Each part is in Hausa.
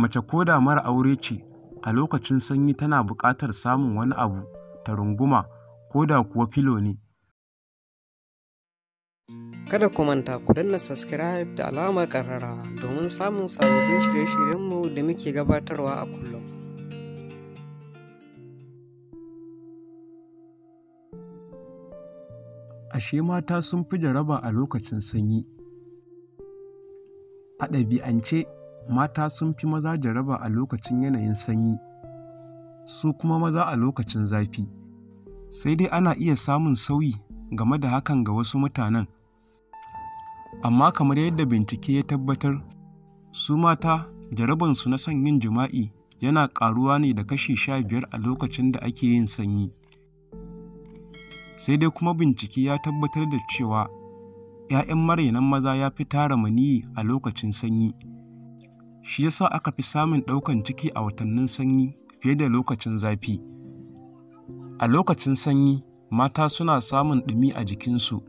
Mace ko da mara aure ce, a lokacin sanyi tana buƙatar samun wani abu ta runguma ko da kuwa filo ne. Kada ku manta ku danna subscribe da alamar ƙararrawa domin samun sababbin shirye-shiryenmu da muke gabatarwa a kullum. ashe mata sun fi jaraba a lokacin sanyi. A ɗabi'ance, mata sun fi maza jaraba a lokacin yanayin sanyi, su kuma maza a lokacin zafi, sai dai ana iya samun sauyi game da hakan ga wasu mutanen. Amma kamar yadda bincike ya tabbatar, su mata jarabansu na son yin jima'i yana ƙaruwa ne da kashi sha biyar a lokacin da ake yin sanyi. Sai dai kuma bincike ya tabbatar da cewa ‘ya'yan marainan maza ya fi tara maniyi a lokacin sanyi. shi yasa aka fi samun ɗaukan ciki a watannin sanyi fiye da lokacin zafi a lokacin sanyi mata suna samun ɗumi a jikinsu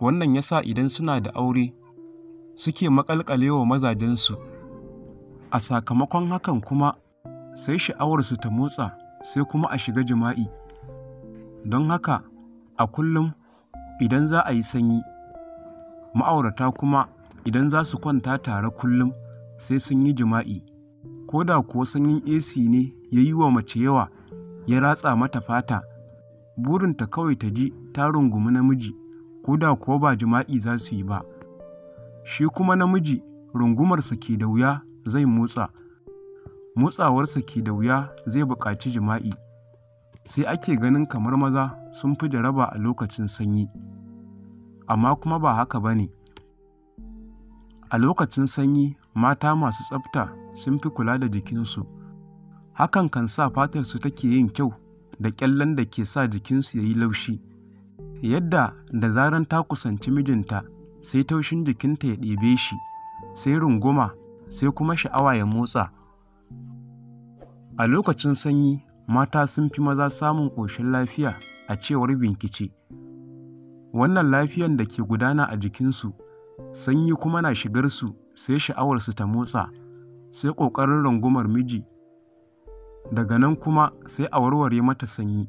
wannan yasa idan suna da aure suke maƙalƙalewa mazajensu a sakamakon hakan kuma sai sha'awarsu ta motsa sai kuma a shiga jima'i don haka a kullum idan za a yi sanyi ma'aurata kuma idan za su kwanta tare kullum sai sun yi jima'i, ko da kuwa sanyin AC ne ya yi wa mace yawa ya ratsa mata fata, burinta kawai ta ji ta rungumi namiji ko da kuwa ba jima'i za su yi ba. Shi kuma namiji rungumarsa ke da wuya zai motsa, motsawarsa ke da wuya zai buƙaci jima'i, sai ake ganin kamar maza sun fi jaraba a lokacin sanyi. Amma kuma ba haka ba ne. A lokacin sanyi mata masu tsafta sun fi kula da jikinsu, hakan kan sa fatar su take yin kyau da ƙyallen da ke sa jikinsu ya yi laushi, yadda da zaran ta kusanci mijinta sai taushin jikinta ya ɗebe shi, sai runguma, sai kuma sha'awa ya motsa. A lokacin sanyi, mata sun fi maza samun ƙoshin lafiya a cewar bincike. Wannan lafiyan da ke gudana a jikinsu, sanyi kuma na shigar su sai sha'awarsu ta motsa, sai ƙoƙarin rungumar miji, daga nan kuma sai a warware mata sanyi.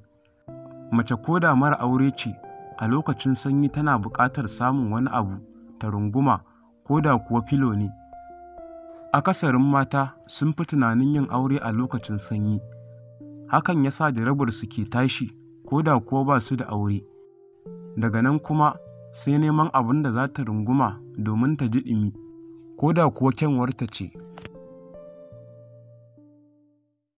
Mace ko da mara aure ce, a lokacin sanyi tana buƙatar samun wani abu ta runguma ko da kuwa filo ne. Akasarin mata sun fi tunanin yin aure a lokacin sanyi, hakan ya sa jarabarsu ke tashi ko da kuwa ba su da aure. Daga nan kuma sai neman abin da za ta runguma domin ta ji ɗumi. ko da kuwa kyanwarta ce.